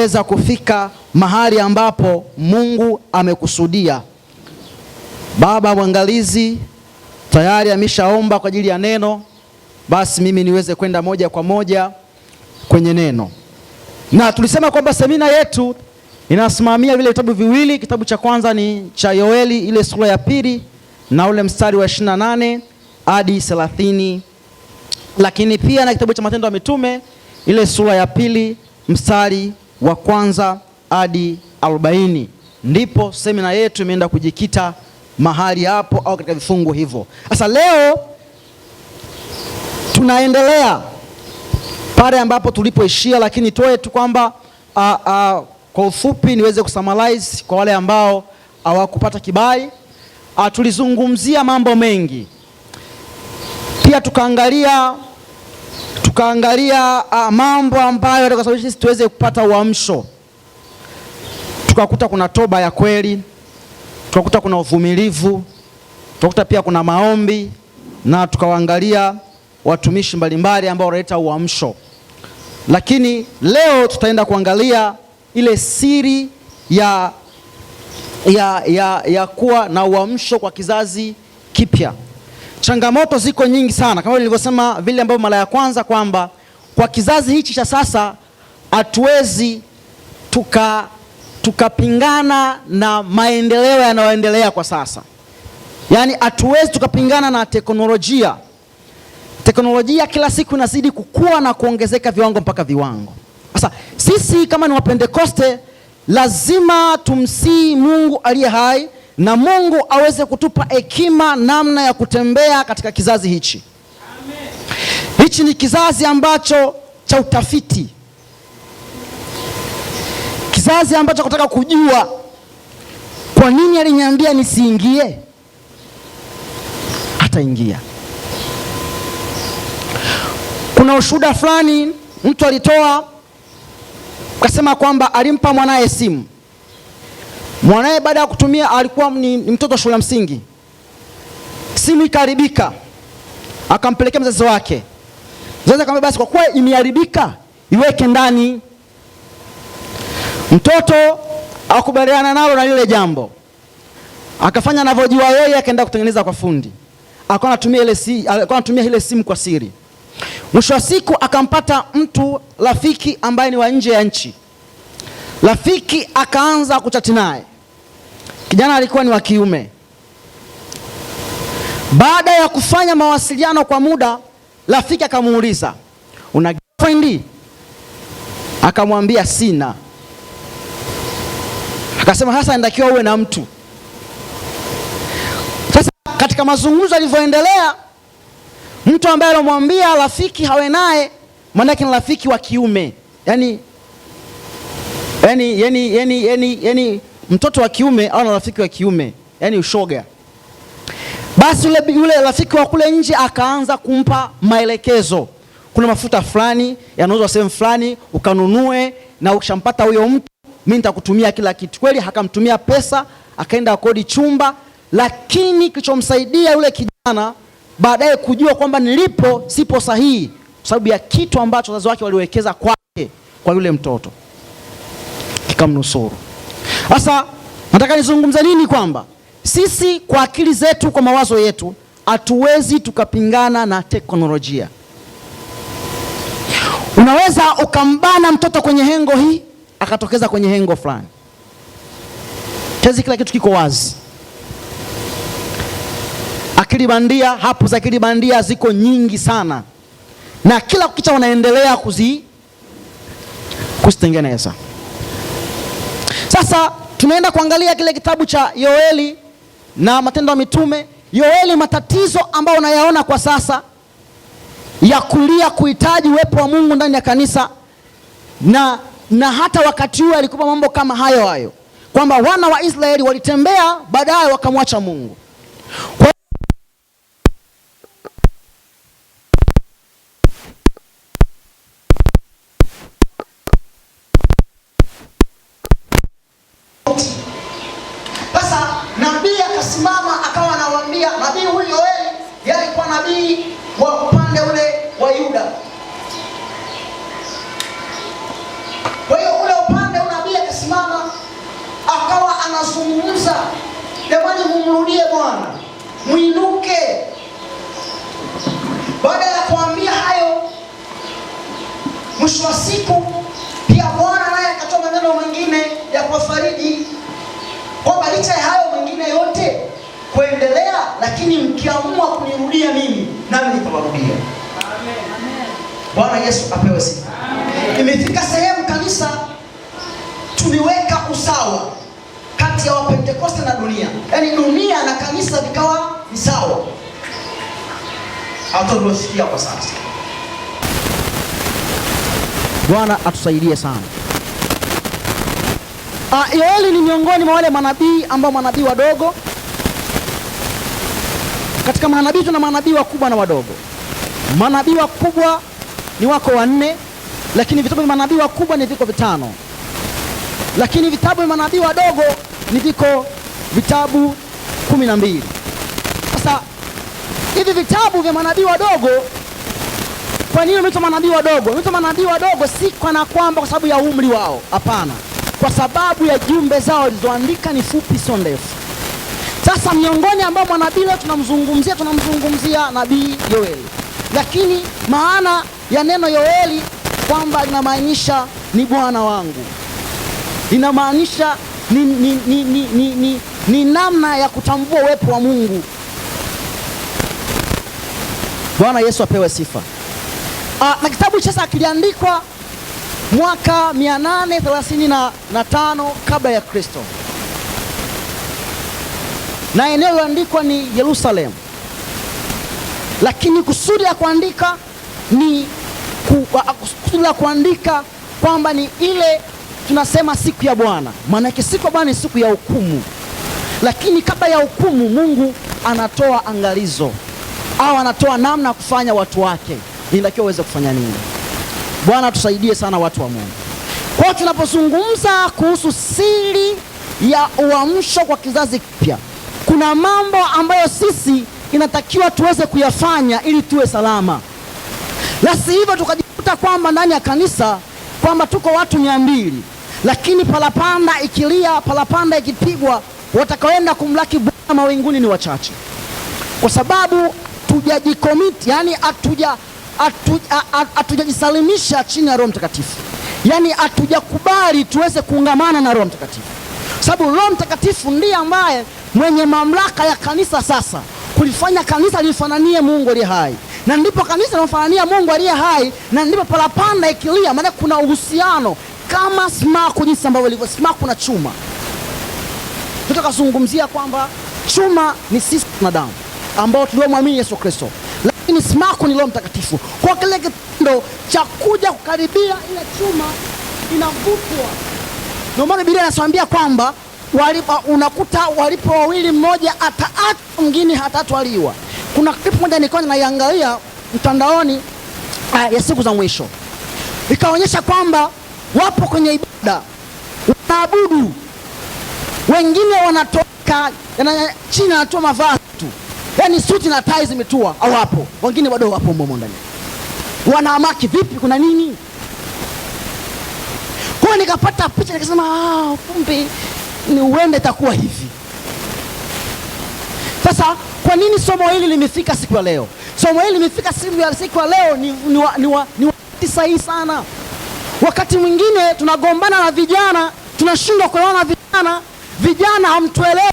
kuweza kufika mahali ambapo Mungu amekusudia. Baba mwangalizi tayari ameshaomba kwa ajili ya neno, basi mimi niweze kwenda moja kwa moja kwenye neno. Na tulisema kwamba semina yetu inasimamia vile vitabu viwili. Kitabu cha kwanza ni cha Yoeli ile sura ya pili na ule mstari wa 28 hadi 30, lakini pia na kitabu cha Matendo ya Mitume ile sura ya pili mstari wa kwanza hadi arobaini ndipo semina yetu imeenda kujikita mahali hapo au katika vifungu hivyo. Sasa leo tunaendelea pale ambapo tulipoishia, lakini toe tu kwamba kwa ufupi niweze kusummarize kwa wale ambao hawakupata kibali. Tulizungumzia mambo mengi, pia tukaangalia tukaangalia uh, mambo ambayo yatakasababisha sisi tuweze kupata uamsho. Tukakuta kuna toba ya kweli, tukakuta kuna uvumilivu, tukakuta pia kuna maombi na tukawaangalia watumishi mbalimbali ambao wanaleta uamsho. Lakini leo tutaenda kuangalia ile siri ya, ya, ya, ya kuwa na uamsho kwa kizazi kipya. Changamoto ziko nyingi sana, kama nilivyosema vile ambavyo mara ya kwanza kwamba kwa kizazi hichi cha sasa hatuwezi tuka tukapingana na maendeleo yanayoendelea kwa sasa, yaani hatuwezi tukapingana na teknolojia. Teknolojia kila siku inazidi kukua na kuongezeka viwango mpaka viwango. Sasa sisi kama ni Wapentekoste lazima tumsii Mungu aliye hai na Mungu aweze kutupa hekima namna ya kutembea katika kizazi hichi. Amen. Hichi ni kizazi ambacho cha utafiti, kizazi ambacho kutaka kujua kwa nini aliniambia nisiingie, ataingia. Kuna ushuhuda fulani mtu alitoa, kasema kwamba alimpa mwanaye simu Mwanaye baada ya kutumia alikuwa ni mtoto shule ya msingi, simu ikaharibika, akampelekea mzazi wake. Mzazi akamwambia basi, kwa kuwa imeharibika iweke ndani. Mtoto akubaliana nalo na lile jambo, akafanya anavyojua yeye, akaenda kutengeneza kwa fundi, akawa anatumia ile si, akawa anatumia ile simu kwa siri. Mwisho wa siku akampata mtu rafiki ambaye ni wa nje ya nchi. Rafiki akaanza kuchati naye, Kijana alikuwa ni wa kiume. Baada ya kufanya mawasiliano kwa muda, rafiki akamuuliza una girlfriend? Akamwambia sina. Akasema sasa inatakiwa uwe na mtu. Sasa katika mazungumzo yalivyoendelea, mtu ambaye alomwambia rafiki hawe naye, yake ni rafiki wa kiume, yani yani yani yani yani yaani, yaani, mtoto wa kiume au na rafiki wa kiume, yani ushoga. Basi yule, yule rafiki wa kule nje akaanza kumpa maelekezo, kuna mafuta fulani yanauzwa sehemu fulani, ukanunue na ukishampata huyo mtu mimi nitakutumia kila kitu. Kweli akamtumia pesa, akaenda kodi chumba, lakini kilichomsaidia yule kijana baadaye kujua kwamba nilipo sipo sahihi, kwa sababu ya kitu ambacho wazazi wake waliwekeza kwake, kwa yule mtoto, kikamnusuru. Sasa nataka nizungumze nini? Kwamba sisi kwa akili zetu, kwa mawazo yetu hatuwezi tukapingana na teknolojia. Unaweza ukambana mtoto kwenye hengo hii akatokeza kwenye hengo fulani, tezi, kila kitu kiko wazi. Akili bandia hapo, za akili bandia ziko nyingi sana, na kila kukicha wanaendelea kuzi kuzitengeneza. Sasa Tunaenda kuangalia kile kitabu cha Yoeli na Matendo ya Mitume. Yoeli, matatizo ambayo unayaona kwa sasa ya kulia kuhitaji uwepo wa Mungu ndani ya kanisa na, na hata wakati huo alikupa mambo kama hayo hayo, kwamba wana wa Israeli walitembea, baadaye wakamwacha Mungu kwa akasimama akawa anawaambia nabii huyu Yoeli, yeye nabii wa upande ule wa Yuda. Kwa hiyo ule upande unabii akasimama akawa anazungumza, jamani, mumrudie Bwana, mwinuke. Baada ya kuambia hayo, mwisho wa siku lakini mkiamua kunirudia mimi, nami nitawarudia. Bwana Yesu apewe sifa. Imefika sehemu kanisa tuliweka usawa kati ya Wapentekoste na dunia, yaani dunia na kanisa vikawa ni sawa. Hatuliosikia kwa sasa. Bwana atusaidie sana. Ah, Yoeli ni miongoni mwa wale manabii ambao manabii wadogo katika manabii tuna manabii wakubwa na wadogo. Manabii wakubwa ni wako wanne, lakini vitabu vya manabii wakubwa ni viko vitano, lakini vitabu vya manabii wadogo ni viko vitabu kumi na mbili. Sasa hivi vitabu vya manabii wadogo, kwa nini wameitwa manabii wadogo? Wameitwa manabii wadogo si kana kwamba kwa sababu ya umri wao, hapana, kwa sababu ya jumbe zao walizoandika ni fupi, sio ndefu. Sasa miongoni ambao mwanabii leo tunamzungumzia, tunamzungumzia nabii Yoeli, lakini maana ya neno Yoeli kwamba linamaanisha ni Bwana wangu, linamaanisha ni, ni, ni, ni, ni, ni, ni namna ya kutambua uwepo wa Mungu. Bwana Yesu apewe sifa. Aa, ah, na kitabu sasa kiliandikwa mwaka 835 kabla ya Kristo na eneo lililoandikwa ni Yerusalemu, lakini kusudi la kuandika ni kusudi la kuandika kwamba ni ile tunasema siku ya Bwana, maanake siku ya Bwana ni siku ya hukumu, lakini kabla ya hukumu Mungu anatoa angalizo au anatoa namna ya kufanya watu wake, inatakiwa uweze kufanya nini. Bwana tusaidie sana watu wa Mungu. Kwa tunapozungumza kuhusu siri ya uamsho kwa kizazi kipya kuna mambo ambayo sisi inatakiwa tuweze kuyafanya ili tuwe salama, la hivyo tukajikuta kwamba ndani ya kanisa kwamba tuko watu mia mbili, lakini palapanda ikilia, palapanda ikipigwa, watakaoenda kumlaki Bwana mawinguni ni wachache, kwa sababu tujajikomiti, yani hatuja hatujajisalimisha chini ya Roho Mtakatifu, yaani hatujakubali tuweze kuungamana na Roho Mtakatifu, sababu Roho Mtakatifu ndiye ambaye mwenye mamlaka ya kanisa sasa kulifanya kanisa lifananie Mungu aliye hai, na ndipo kanisa linamfanania Mungu aliye hai, na ndipo parapanda ikilia, maana kuna uhusiano kama sumaku, jinsi ambavyo ilivyo sumaku na chuma. Tutakazungumzia kwamba chuma ni sisi wanadamu ambao tuliomwamini Yesu Kristo, lakini sumaku ni Roho Mtakatifu. Kwa kile kitendo cha kuja kukaribia ile chuma inavutwa, ndio maana Biblia inasambia kwamba walipo, unakuta walipo wawili mmoja ataachwa mwingine hatatwaliwa. Kuna klipu moja nilikuwa ninaiangalia mtandaoni uh, ya siku za mwisho ikaonyesha kwamba wapo kwenye ibada wanaabudu, wengine wanatoka chini, anatoa mavazi tu, yaani suti na tai zimetua, au wapo wengine bado wapo mbomo ndani, wanaamaki vipi? Kuna nini? Kwa nikapata picha nikasema, ah, kumbe ni uende itakuwa hivi. Sasa kwa nini somo hili limefika siku ya leo? Somo hili limefika siku ya leo ni, ni, ni, ni wakati sahihi sana. Wakati mwingine tunagombana na vijana, tunashindwa kuelewana na vijana. Vijana hamtuelewi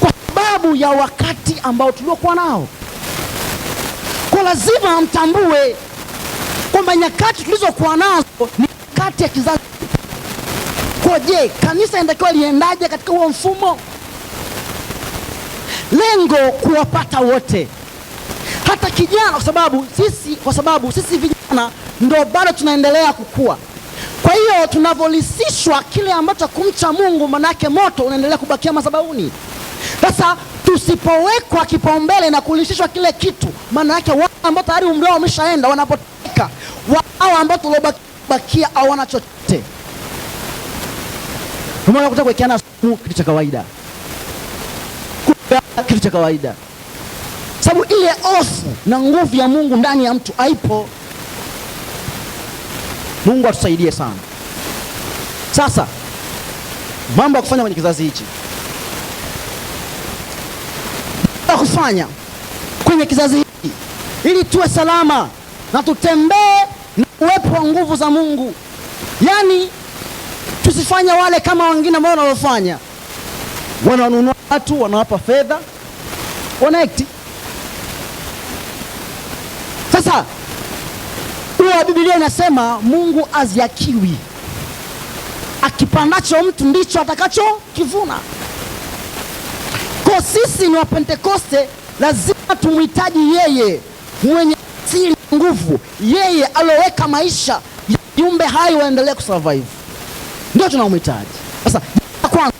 kwa sababu ya wakati ambao tuliokuwa nao, kwa lazima mtambue kwamba nyakati tulizokuwa nazo ni nyakati ya kizazi kwa je, kanisa inatakiwa liendaje katika huo mfumo? Lengo kuwapata wote, hata kijana, kwa sababu sisi kwa sababu sisi vijana ndo bado tunaendelea kukua. Kwa hiyo tunavyolisishwa kile ambacho kumcha Mungu, manake moto unaendelea kubakia madhabahuni. Sasa tusipowekwa kipaumbele na kulishishwa kile kitu, maana yake wao ambao tayari umri wao umeshaenda, wanapotika, wao ambao tuliobakia hawana chochote. Ndio maana unakuta kuwekeana sumu kitu cha kawaida, kitu cha kawaida, sababu ile hofu na nguvu ya Mungu ndani ya mtu haipo. Mungu atusaidie sana. Sasa mambo ya kufanya kwenye kizazi hichi, ya kufanya kwenye kizazi hiki ili tuwe salama na tutembee na uwepo wa nguvu za Mungu, yaani msifanya wale kama wengine ambao wanaofanya, wananunua watu, wanawapa fedha, wanaekti. Sasa huwa Biblia inasema Mungu aziakiwi, akipandacho mtu ndicho atakachokivuna. Kwa sisi ni Wapentekoste, lazima tumhitaji yeye mwenye asili nguvu, yeye aloweka maisha viumbe hai waendelee kusurvive ndio tunaomhitaji. Sasa kwanza,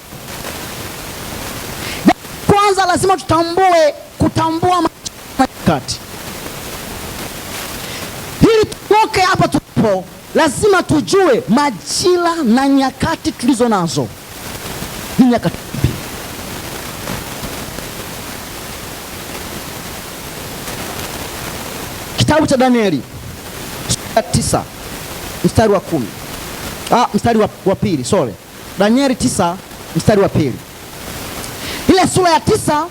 kwanza lazima tutambue kutambua kati hili tutoke hapa tulipo, lazima tujue majira na nyakati tulizo nazo ni nyakati Kitabu cha Danieli sura ya tisa mstari wa kumi ah, mstari wa, wa pili sorry. Danieli tisa mstari wa pili ile sura ya tisa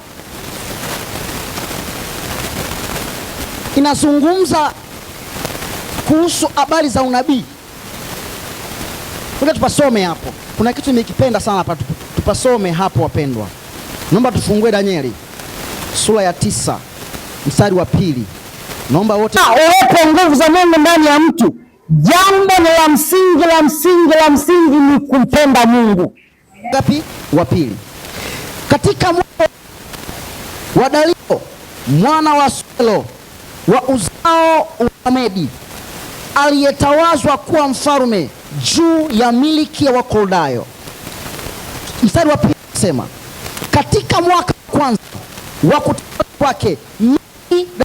inazungumza kuhusu habari za unabii. Ngoja tupasome hapo, kuna kitu nimekipenda sana hapa, tupasome hapo wapendwa. Naomba tufungue Danieli sura ya tisa mstari wa pili. Naomba wote ah, uwepo nguvu za Mungu ndani ya mtu Jambo ni la msingi la msingi la msingi ni kumpenda Mungu. Ngapi? Wa pili katika mwana wa Dario mwana wa swelo wa uzao wa Medi aliyetawazwa kuwa mfalme juu ya miliki ya Wakoldayo. Mstari wa pili sema, katika mwaka wa kwanza wa kutawala kwake mimi